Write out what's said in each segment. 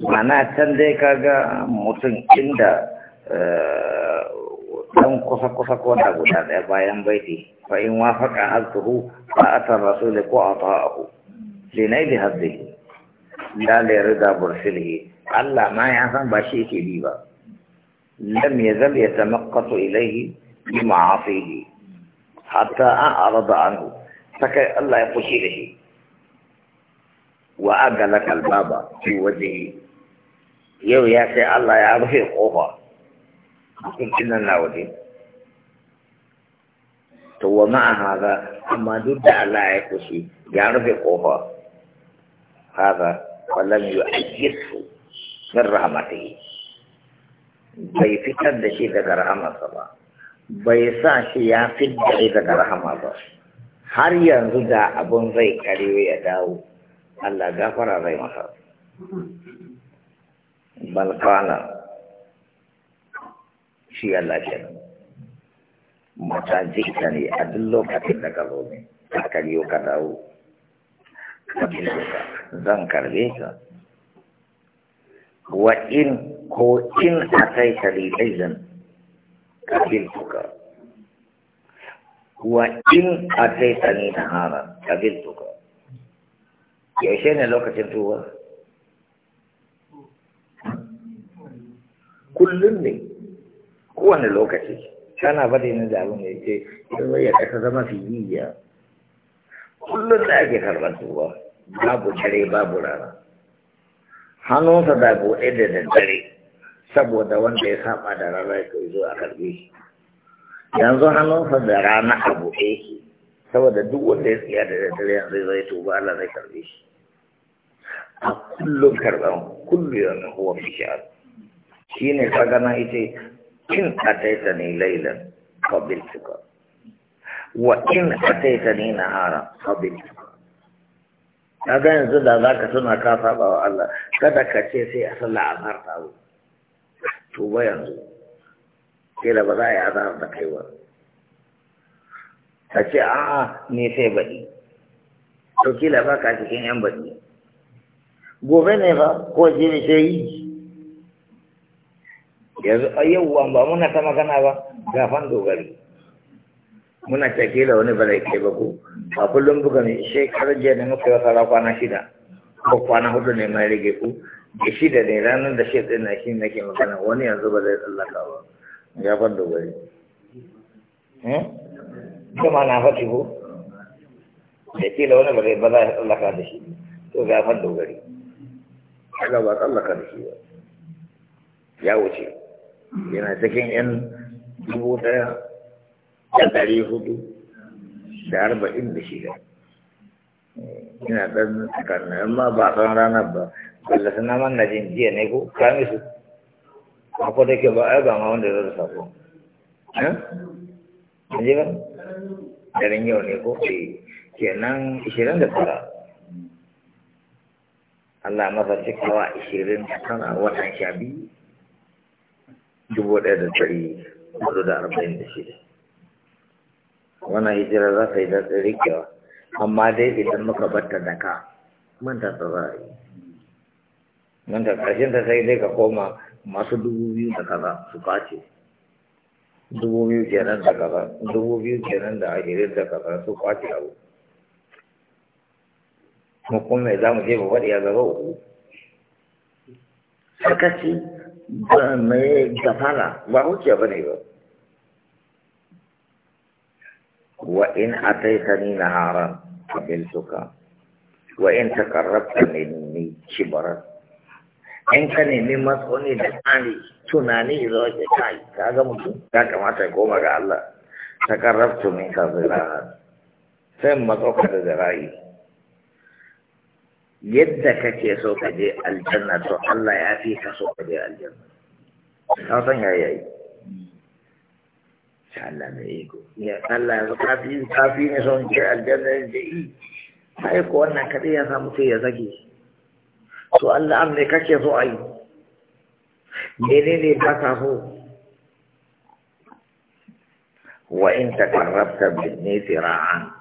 mana can dai kaga mutum inda eh, dan kusa-kusa ko da guda ɗaya bayan baiti fa in wafaka a fa atar rasul ko ata'ahu linai bi hazzihi la la rida bursilhi Allah ma ya san ba shi yake bi ba lam yazal yatamaqqatu ilayhi bi ma'asihi hatta a'rada anhu sakai Allah ya fushi da shi wa agala kalbaba fi waje yau ya sai Allah ya rufe kofa cikin nan na waje to wa ma'a haza amma duk da Allah ya kushi ya rufe kofa haza wallan yu'ayyisu min yi. bai fitar da shi daga rahamarsa ba bai sa shi ya fi da daga rahama ba har yanzu da abun zai karewa ya dawo Allah gafara zai masa balkana shi Allah ke mata jikta ne a duk lokacin da ka zo ne ka karyo ka dawo zan karbe ka wa in ko in a kai kalilai zan kafin tuka wa in a kai tani ta hana kafin tuka yaushe ne lokacin tuwa kullum ne kowane lokaci kana faɗi na da abin da yake yanzu ya ƙasa zama fiyiya kullum da ake karɓar tuwa babu dare babu rana hannunsa da buɗe da daddare saboda wanda ya saba da rana ya kai zo a karɓe shi yanzu hannunsa da rana a buɗe shi saboda duk wanda ya tsaya da daddare yanzu zai tuba Allah zai karɓe shi a kullum karɓar kullum yana huwa fi shi'ar shi ne ka ita in ataita ni lailan suka wa in ataita ni nahara qabiltuka kaga yanzu da za ka tuna ka saba wa Allah kada ka ce sai a sallah a ta zo to ba yanzu kila ba za a yi azhar da kai ba ka ce a'a ne sai baɗi to kila ba ka cikin yan baɗi gobe ne ba ko jini sai yi yanzu a yauwa ba muna ta magana ba gafan dogari muna cake da wani bala ke ba ko a kullum buga ne kar jiya ne muka yi wasa kwana shida ko kwana hudu ne mai rage ku da shida ne ranar da shi na shi nake magana wani yanzu ba zai tsallaka ba gafan dogari kuma hm? na faɗi ko da ke da wani bala ba za a tsallaka da shi to gafan dogari kaga ba tsallaka da shi ba ya wuce yana cikin yan dubu daya da dari hudu da arba'in da shida ina ɗan tsakanin amma ba san ranar ba balla sana man na jin jiya ne ko kame su akwai da ke ba a ba ma wanda zai da sako hm? an ji ba daren yau ne ko ke eh, kenan ishirin da fara. Allah masa cikawa ishirin da tara watan sha biyu dubu ɗaya da ɗari hudu da arba'in da shida wannan hijira za ta yi da tsiri kewa amma dai idan muka batta da ka manta ta za a yi manta ƙarshen ta sai dai ka koma masu dubu biyu da kaza su kwace dubu biyu kenan da kaza dubu biyu kenan da ashirin da kaza su kwace abu mu kuma za mu je mu faɗi a gaba uku sarkaci دفانا وإن أتيتني نهارا قبلتك وإن تقربت مني شبرا إن كان نمت أني دفاني تناني إذا كاي كاي كاي كاي كما تقوم على الله تقربت منك ذراعا ثم تقرب ذراعي yadda kake so ka je aljanna to Allah ya fi ka so ka je aljanna ka san ya yi Allah mai iko ya Allah ya ka fi ka fi ne son je aljanna da yi sai ko wannan kadai ya samu sai ya zage to Allah an ne kake so ai menene ba ka so wa in takarrabta bin nisra'an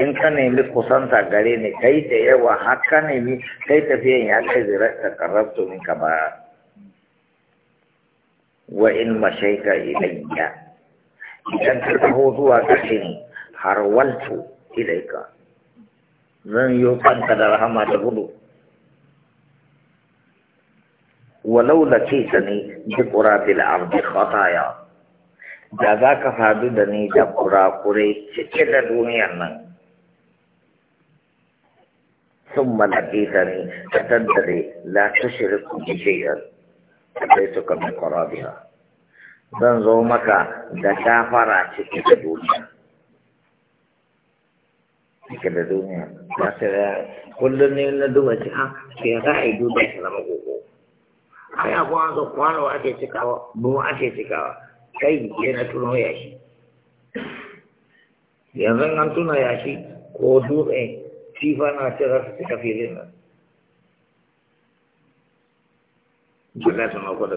in ka nemi kusanta gare ni kai da yawa haka nemi kai tafiyan ya kai zirarta karabtu min ka ba wa in mashaika ilayya idan ka taho zuwa gare ni har waltu ilaika zan yi kanka da rahama da gudu walau da ce ta ne bi ƙurafi da arzi khataya da za ka sadu da ni da kurakurai cike da duniyar nan sun malaƙita ne da daddare la ta shirin kuji shayar sai suka mai zan zo maka da kafara ciki da da duniya ya sai da kullum ne na duba ci a ke za yi duba shi na magogo a yi abuwa zo ake cikawa buwa ake cikawa kai ke na tuno ya yanzu an tuno ya ko dutse tifa na ce za su cika filin nan Allah su mako da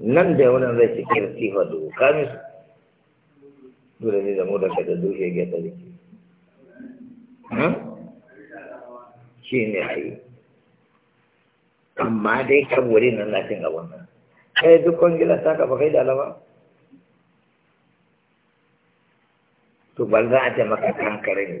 nan da yawan zai cike da tifa dubu kamis dole ne da mu da kada dushe ga ta jiki shi ne a yi amma dai kan wuri nan na cin gaban nan kai duk kwangilan ta kafa kai da to ban za a ce maka kankare ne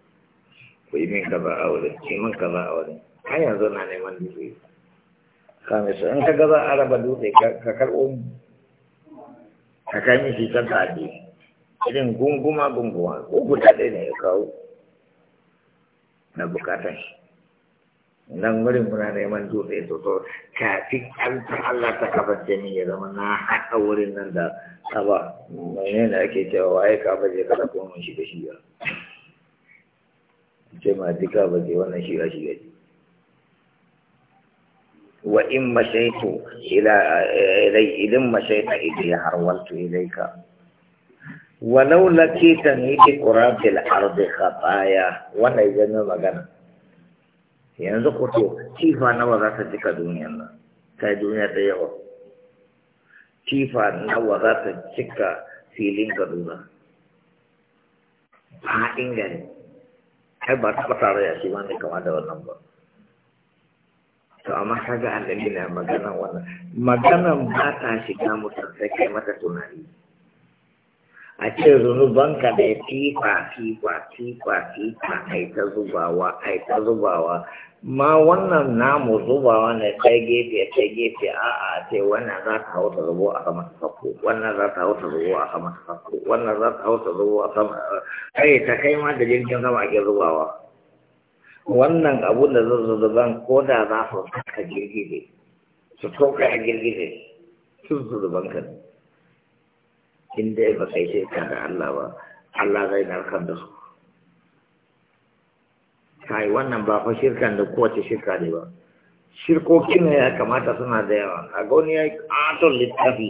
ku yi min kaza a wurin ku min kaza a wurin har yanzu na neman dutse kame su in ka gaza a raba dutse ka karɓo mu ka kai min shi can tafi irin gunguma gunguma ko guda ɗaya ne ya kawo na bukatan shi nan wurin muna neman dutse to to kafin an ta Allah ta kafa jami ya zama na haɗa wurin nan da ba. mai ne da ake cewa waye kafa je kada kuma mun shiga shi ba ce ma jika ba ke wannan shiga shiga ce wa in mashaitu ila idan mashaita idan ya harwaltu ilaika walau lakita ni bi qurabil ardi khataya wannan yana magana yanzu ku to tifa nawa za ta cika duniyan nan kai duniya ta yawa tifa nawa za ta cika filin kaduna fa'in inganta ai ba taɓa tarayya shi wanda kama da wannan ba to amma kaga annabi na magana wannan maganan ba ta shiga mutum sai kai mata tunani a ce zunubanka da ya tifa tifa tifa tifa aita ta zubawa ai ta zubawa ma wannan namu zubawa ne ta gefe ta gefe a a ce wannan za ta hau ta zubo a sama ta sako wannan za ta hau ta zubo a sama ta sako wannan za ta hau ta zubo a sama kai ta kai ma da jirgin sama ake zubawa wannan abu da zuzzuban ko da za su saka girgize su toka a girgize su zuzzuban ka ne in dai ba kai ka da Allah ba Allah zai narkar da su kai wannan ba fa shirkan da kowace shirka ne ba shirkokin ne ya kamata suna da yawa a gauni ya yi ƙaton littafi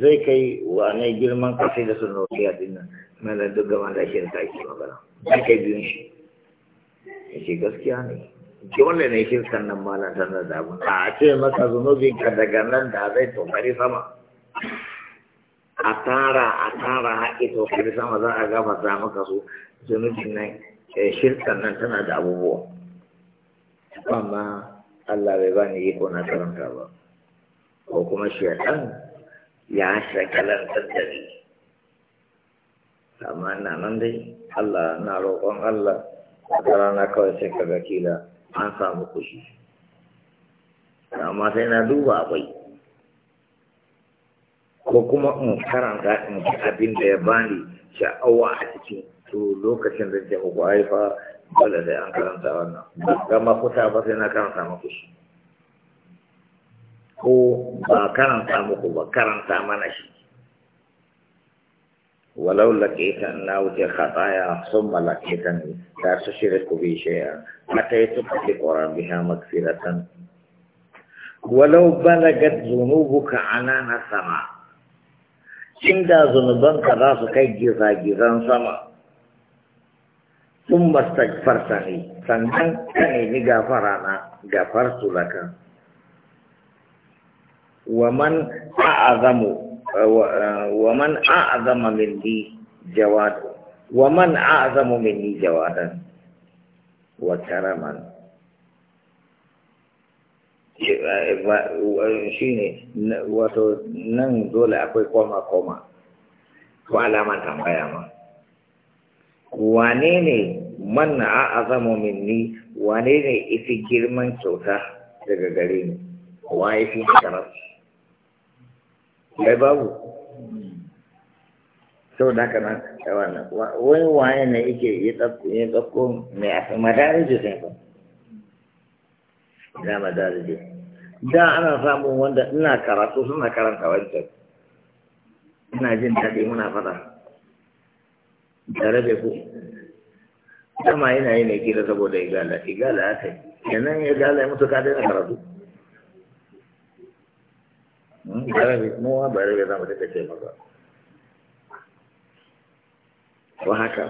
zai kai wane girman kasai da sun roƙi a dinnan mana duk gama da shirka ke magana zai kai biyun shi ya ce gaskiya ne wanda ne shirkan nan malantar da damu a ce maka zunubinka daga nan da zai tokari sama a tara a tara haƙi to kai sama za a za maka su zunubin nan eh, shirkan nan tana da abubuwa amma Allah bai ba ni iko na karanta ba ko kuma shaitan ya shakalantar da dare amma ina nan dai Allah na roƙon Allah a tara na kawai sai ka ga kila an samu kushi amma sai na duba akwai ko kuma in karanta in ji abin da ya bani sha'awa a ciki to lokacin da ke kwaye fa dole da an karanta wannan gama kuta ba sai na karanta muku shi ko ba karanta muku ba karanta mana shi walau laƙeta na wuce khataya sun ma laƙeta ne ta su shirin ku bi shaya mata yi tuka ke ƙoran biya makfiratan walau balagat zunubuka anana sama inda zunubanka za su kai gizagizan sama sun mastagfarta ne sannan ka nemi gafara na gafar tulaka waman a'azamu waman a'azama minni a waman min ni jawadan wa karaman shi ne wato nan dole akwai koma-koma ko alama tambaya ma wane ne manna a azamu minni wane ne ifi girman kyauta daga gare ni wa ifi shara ya babu sau da haka nan wani waye ne yake yi tsakko mai a madarajar sai ba ina madarije da ana samun wanda ina karatu suna karanta wancan ina jin daɗi muna fada da rabe ku dama yana yi mai kira saboda igala igala ya kai kenan ya gala ya mutu ka daina karatu hmm, da rabe mu ba rabe za mu dinga ce maka ko haka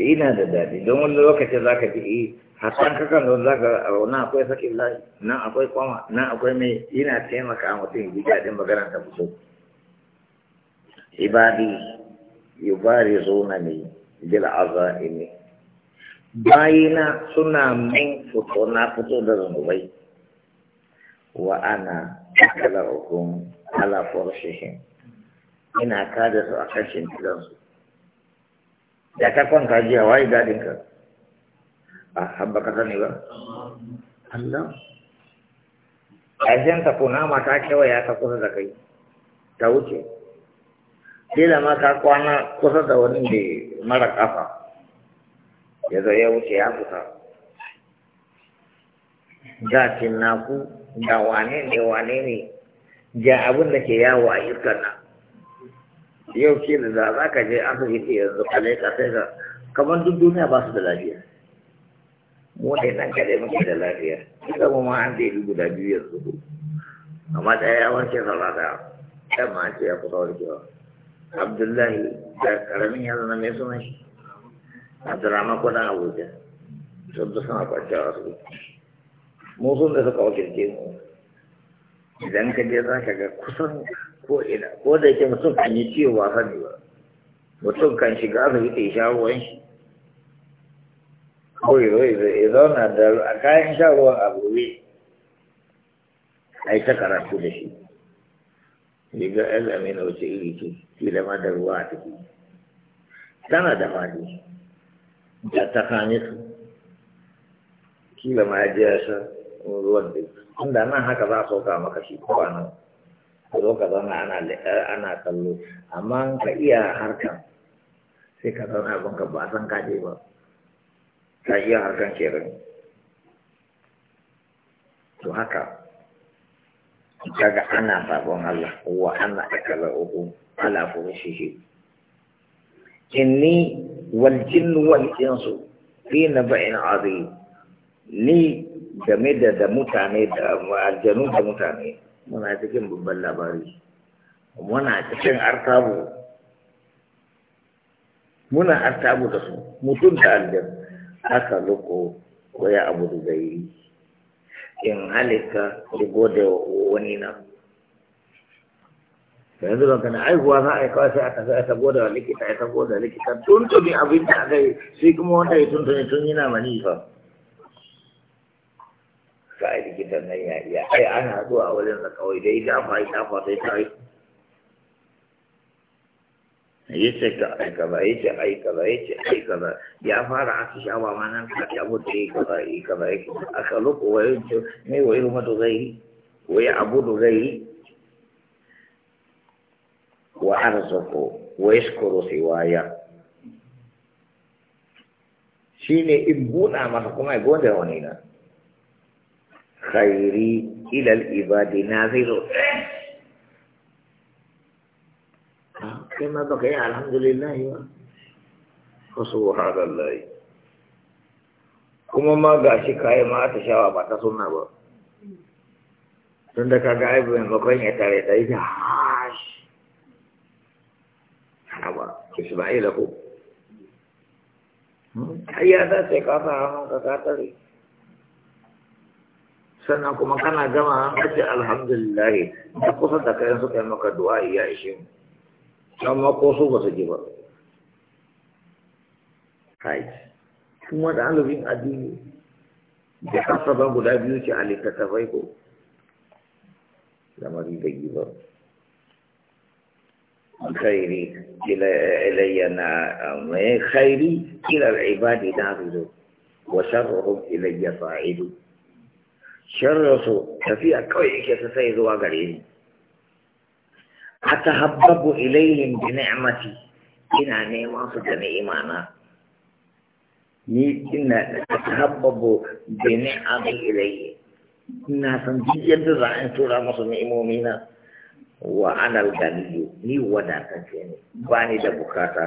ina da daɗi don wani lokacin za ka ji eh, hasan kakan kan zo zaka na akwai sakin lai nan akwai kwama nan akwai mai yana taimaka a mutum ji daɗin magana ta fito ibadi yubari zuna ne bil azaimi bayina suna min fito na fito da zanubai wa ana kala hukum ala forshihim ina kada su a kashin gidansu da ta kwanta jiya wai daɗin ka Ah, hamba kata ni ba? Allah. Ajian ta kuna mata kewaya ta kusa da kai. Ta wuce. Kila ma ka kwana kusa da wani da mara ƙafa. Ya zo ya wuce ya fita. Ga cinnaku, da wane ne wane ne, ga abin da ke yawo a iskar nan. Yau kila da za ka je asibiti yanzu kalai ka sai ka kamar duk duniya ba su da lafiya. mu nan nan kaɗai muke da lafiya duka mu ma an ɗebi guda biyu yanzu amma ɗaya ya warke salata ɗan ma ce ya kusa warkewa abdullahi da ƙaramin ya zama mai sunan shi abdurrahman ko abuja sun da suna a wasu mu sun da suka wakilce mu idan ka je za ka ga kusan ko ina ko da yake mutum kan yi ciwo ba sani ba mutum kan shiga asibiti ya sha ruwan shi wai wai zai zauna da kayan shan ruwan a gobe a ta karatu da riga alamin wace iri ce kila ma da ruwa a tana da da ta kame su kila ma ya ya ruwan da inda nan haka za a sauka maka shi ko a nan ana kallo amma ka iya harkan sai ka zauna abin ka ba san kaje ba ta iya harkan kerin to haka daga ana sabon Allah wa ana akala uku ala furushihi inni wal jinnu wal insu fi naba'in azim ni game da da mutane da aljanu da mutane muna cikin babban labari muna cikin artabu muna artabu da su mutum da aljanu aka luko ko ya abu da yi. in halitta da gode wa wani na yanzu ban kana aihuwa za a yi kawai sai aka sa ta gode wa likita ta gode wa likita tuntuni abin da aka yi sai kuma wanda ya tuntuni tun yana manifa sai likitan nan ya iya ai ana zuwa wajen sa kawai dai dafa ya dafa sai ta yi yace ka ai kaza yace ai kaza yace ai ya fara atishawa ma nan ka ya mutu ai kaza ai kaza ai aka loko wai ne wai huma to gai wai abu do gai wa arzuqu wa yashkuru siwaya shine in buɗa masa kuma ya gode wani na khairi ila al ibadi naziru kai ma baka yi alhamdulillah ba ko subhanallahi kuma ma ga shi kayi ma ta shawa ba ta sunna ba tun da kaga ai maimakon ya tare ta yi hash ba isma'ila ko ai ya da sai ka sa hannun ka ka sannan kuma kana gama an kace alhamdulillah da kusa da kayan suka yi maka du'a ya ishe mu amma ko su ba su ji ba kai kuma alubin addini da asaban guda biyu ce a littattafai ko lamari da giba khairi ila ilayya na mai khairi kila al'ibadi na rido wa sharruhum ilayya fa'idu sharrusu tafiya kawai yake ta sai zuwa gare ni أتحبب إليهم بنعمتي ina neman su da ni'imana ni ina tahabbabu bi ni'ami ilayhi ina san duk yadda za a tura musu ni'imomi na wa ana al-ganiyyu ni wadatacce ne ba da bukata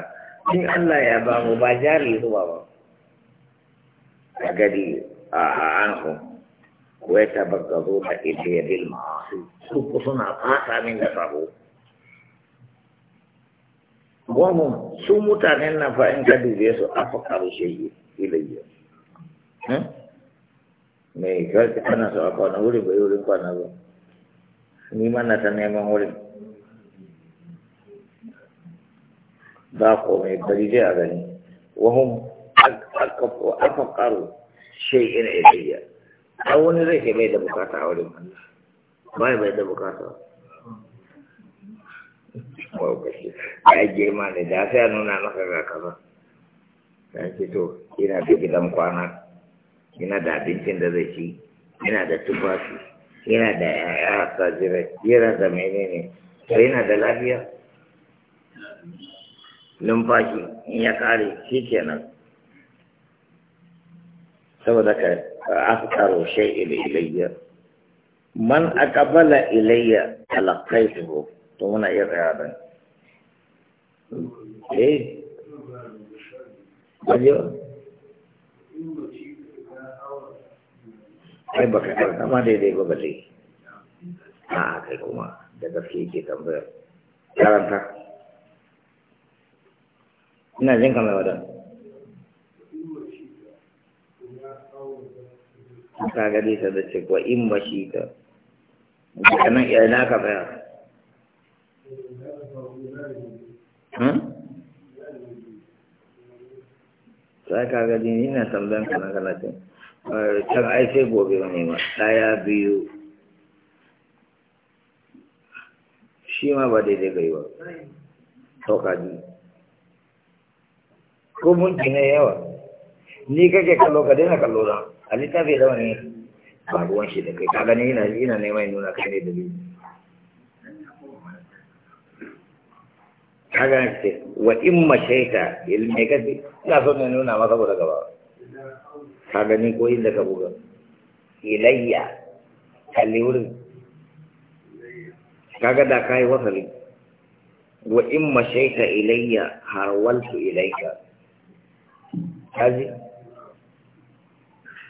in Allah ya ba mu ba jari zuwa ba a gadi a anhu suna min da sabo wahum su mutanen nan fa in ka dube su afaqaru shay'i ilayya eh? me ka kana so a kwana wuri bai wurin kwana ba ni ma na ta neman wurin ba ko mai bari dai a gani wahum afaqaru shay'in ilayya a wani zai ke bai da bukata a wurin Allah bai bai da bukata mawukashi ya girma ne da sai nuna maka ga kaza ta ce to ina da gidan kwana ina da abincin da zai ci ina da tufafi ina da yaya ta jira jira da menene to ina da lafiya numfashi in ya kare shi kenan saboda ka afkaro shay'in ilayya man aqbala ilayya talaqaituhu to muna iya tsaya dan eh ajo ai baka karanta ma daidai ba dai. a kai kuma da gaske ke tambayar karanta ina jin kamar wadan ka gadi ta da ce wa in mashi ka Kana nan iya na ka bayar sai hmm? ka ga jini na tambayan kana talatin can ai sai gobe wani ma ɗaya biyu shi ma ba daidai yi ba saukaji ko munci na yawa ni kake kallo ka daina kallo na a littafi da wani ba ruwan shi da kai ka gani ina neman nuna kai ne da dalili kaga ce wa in mashaita ilmi kafi ina so na nuna maka guda gaba ka gani ko inda ka buga ilayya kalli wurin kaga da kai wasali wa in mashaita ilayya har harwaltu ilayka kaji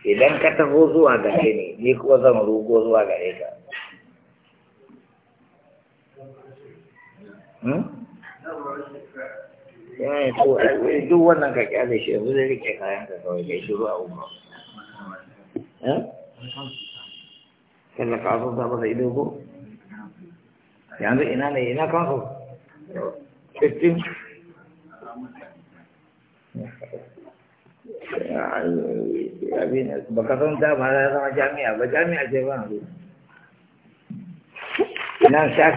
idan ka taho zuwa gare ni ni kuma zan rugo zuwa gare ka hmm? ya eh, to eh, eh, duk wannan ka kyale shi yanzu zai rike kayan ka kawai kai shiru a umma eh kana ka so zaba da ido ko yanzu ina ne ina ka so sittin abin baka san dama ya zama jami'a ba jami'a ce ba nan sha